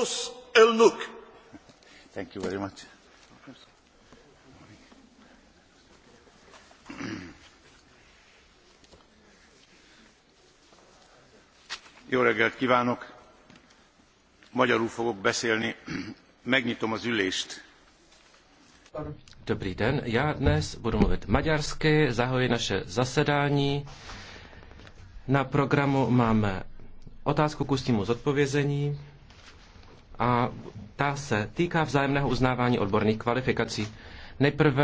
Os Elnuk. Thank you very much. Jó reggelt kívánok! Magyarul fogok beszélni. Megnyitom az ülést. Dobrý den, já dnes budu mluvit maďarsky, zahoji naše zasedání. Na programu máme otázku k ústnímu zodpovězení a ta se týká vzájemného uznávání odborných kvalifikací. Nejprve